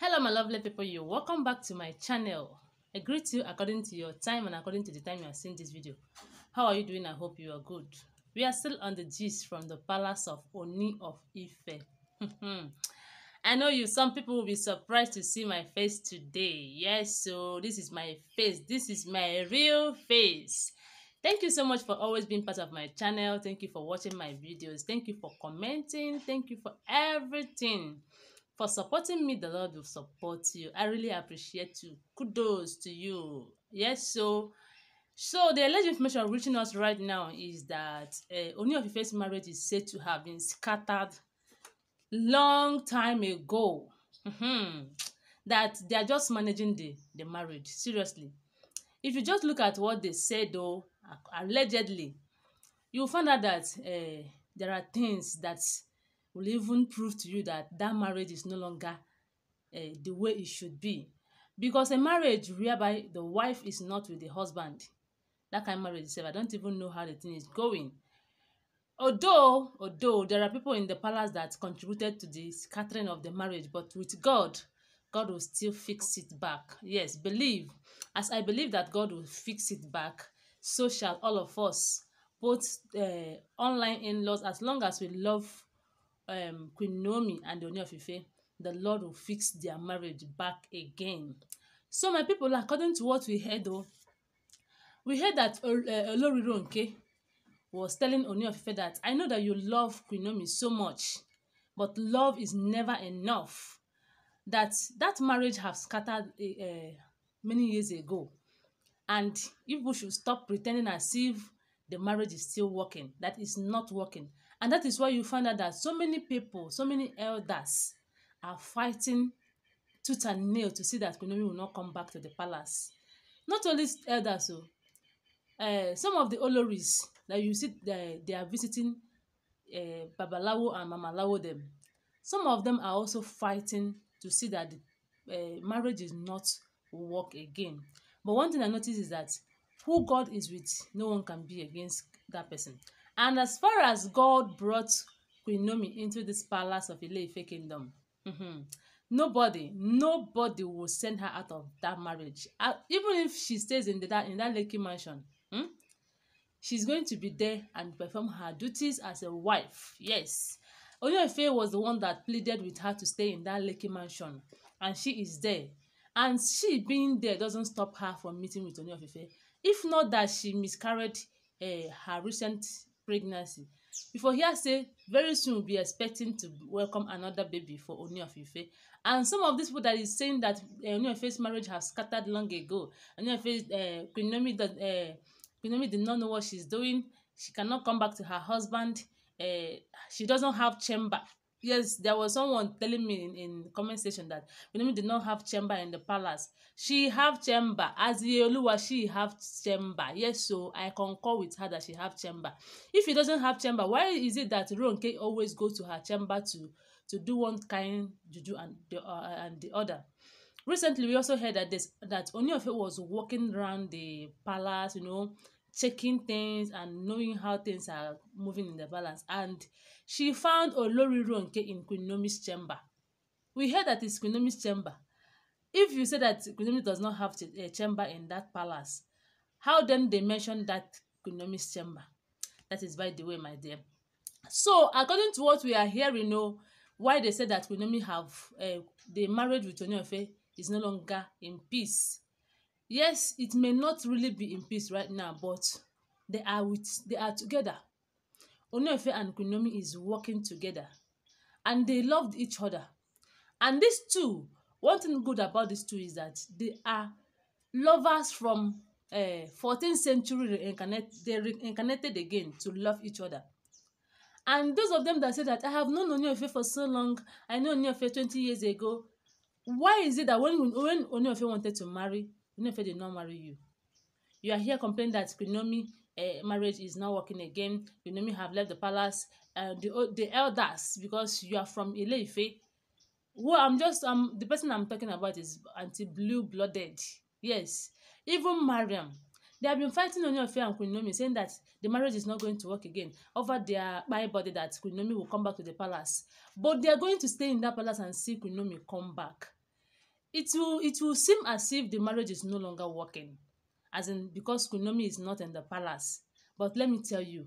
hello my lovely people you welcome back to my channel i greet you according to your time and according to the time you are seeing this video how are you doing i hope you are good we are still on the gist from the palace of oni of ife i know you some people will be surprised to see my face today yes so this is my face this is my real face thank you so much for always being part of my channel thank you for watching my videos thank you for commenting thank you for everything for supporting me. The Lord will support you. I really appreciate you. Kudos to you. Yes, so so the alleged information reaching us right now is that uh, Ooni of first marriage is said to have been scattered long time ago. Mm-hmm. That they are just managing the the marriage seriously. If you just look at what they said though, allegedly, you find out that uh, there are things that will even prove to you that that marriage is no longer uh, the way it should be. Because a marriage whereby the wife is not with the husband, that kind of marriage itself, I don't even know how the thing is going. Although, although there are people in the palace that contributed to the scattering of the marriage, but with God, God will still fix it back. Yes, believe. As I believe that God will fix it back, so shall all of us, both uh, online in-laws, as long as we love um, Queen Naomi and Ooni of the Lord will fix their marriage back again. So my people, according to what we heard though, we heard that uh, Olori Ronke was telling Ooni of that I know that you love Queen Naomi so much, but love is never enough. That that marriage have scattered uh, uh, many years ago, and if we should stop pretending as if the marriage is still working, that is not working. And that is why you find out that so many people, so many elders are fighting tooth and nail to see that Kunomi will not come back to the palace. Not only elders, so, uh, eh, some of the Oloris that you see, they, eh, they are visiting uh, Babalawo and Mamalawo them. Some of them are also fighting to see that the, uh, marriage is not work again. But one thing I notice is that who God is with, no one can be against that person. And as far as God brought Queen Naomi into this palace of Ile-Ife kingdom, mm-hmm, nobody, nobody will send her out of that marriage. Uh, even if she stays in the, that in that Lekki mansion, hmm, she's going to be there and perform her duties as a wife. Yes. Oyefe was the one that pleaded with her to stay in that Lekki mansion, and she is there. And she being there doesn't stop her from meeting with Oyefe. If not that she miscarried uh, her recent pregnancy Before for hear say very soon we'll be expecting to welcome another baby for Ooni and some of these people that is saying that uh, eh, Ooni marriage has scattered long ago Ooni Kunomi Ife uh, eh, Queen uh, did not know what she's doing she cannot come back to her husband uh, she doesn't have chamber yes there was someone telling me in in comment section that Wunmi did not have chamber in the palace she have chamber Aziye Oluwa she have chamber yes so I concur with her that she have chamber if he doesn't have chamber why is it that Ronke always go to her chamber to to do one kind juju and the uh, and the other recently we also heard that this that Ooni of Ife was walking around the palace you know checking things and knowing how things are moving in the balance. And she found Olori Ronke in Queen Nomi's chamber. We hear that it's Queen Nomi's chamber. If you say that Queen Nomi does not have a eh, chamber in that palace, how then they mention that Queen Nomi's chamber? That is by the way, my dear. So according to what we are hearing, no, oh, why they say that Queen Nomi have uh, the marriage with Ooni of is no longer in peace yes it may not really be in peace right now but they are with they are together onuefe and Kunomi is working together and they loved each other and these two one thing good about these two is that they are lovers from uh, eh, 14th century reincarnate they reincarnated again to love each other and those of them that say that i have known onuefe for so long i know onuefe 20 years ago why is it that when when onuefe wanted to marry Unife did not marry you. You are here complaining that Kunomi uh, eh, marriage is not working again. Kunomi have left the palace. Uh, the the elders because you are from Ile-Ife. Well, I'm just um the person I'm talking about is Auntie Blue Blooded. Yes, even Mariam. They have been fighting on your Oniofe and Kunomi, saying that the marriage is not going to work again over their my body that Kunomi will come back to the palace. But they are going to stay in that palace and see Kunomi come back it will it will seem as if the marriage is no longer working as in because Kunomi is not in the palace but let me tell you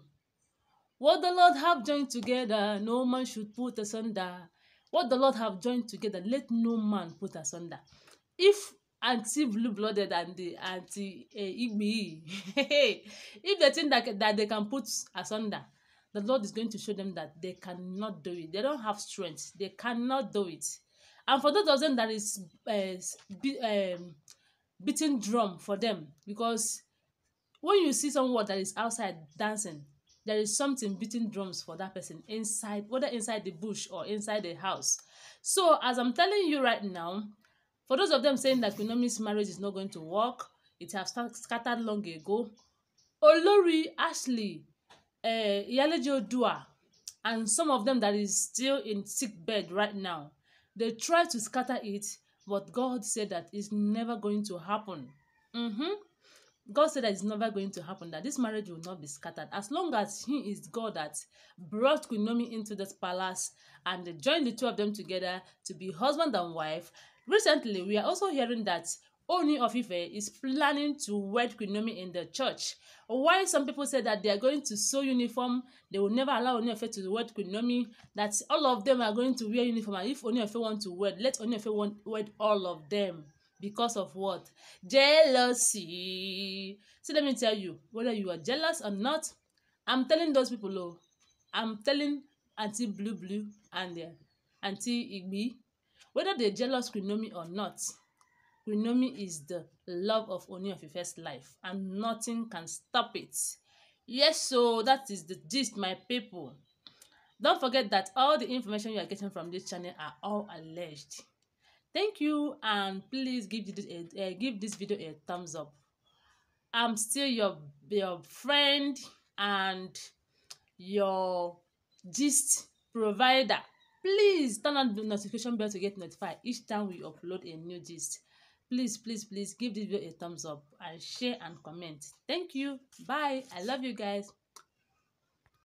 what the Lord have joined together no man should put asunder what the Lord have joined together let no man put asunder if aunty blue blooded and the aunty uh, igbi if they think that, that they can put asunder the Lord is going to show them that they cannot do it they don't have strength they cannot do it and for those of them that is uh, eh, be, um, beating drum for them because when you see someone that is outside dancing there is something beating drums for that person inside whether inside the bush or inside the house so as i'm telling you right now for those of them saying that Kunomi's marriage is not going to work it have scattered long ago olori ashley uh, eh, yalejo dua and some of them that is still in sick bed right now They tried to scatter it, but God said that it's never going to happen. Mm-hmm. God said that it's never going to happen, that this marriage will not be scattered. As long as He is God that brought Kunomi into this palace and they joined the two of them together to be husband and wife. Recently, we are also hearing that Oni of Ife is planning to wed Kunomi in the church. While some people say that they are going to sew uniform, they will never allow Oni of to wed Kunomi, that all of them are going to wear uniform. And if Oni of want to wed, let Oni of Ife wed all of them. Because of what? Jealousy. So let me tell you, whether you are jealous or not, I'm telling those people, oh, I'm telling Auntie Blue Blue and uh, Auntie Igbi, whether they're jealous Kunomi or not, Renomi is the love of only of your first life and nothing can stop it. Yes, so that is the gist, my people. Don't forget that all the information you are getting from this channel are all alleged. Thank you and please give this, a, uh, eh, eh, give this video a thumbs up. I'm still your, your friend and your gist provider. Please turn on the notification bell to get notified each time we upload a new gist. please please please give this video a thumbs up and share and comment thank you bye i love you guys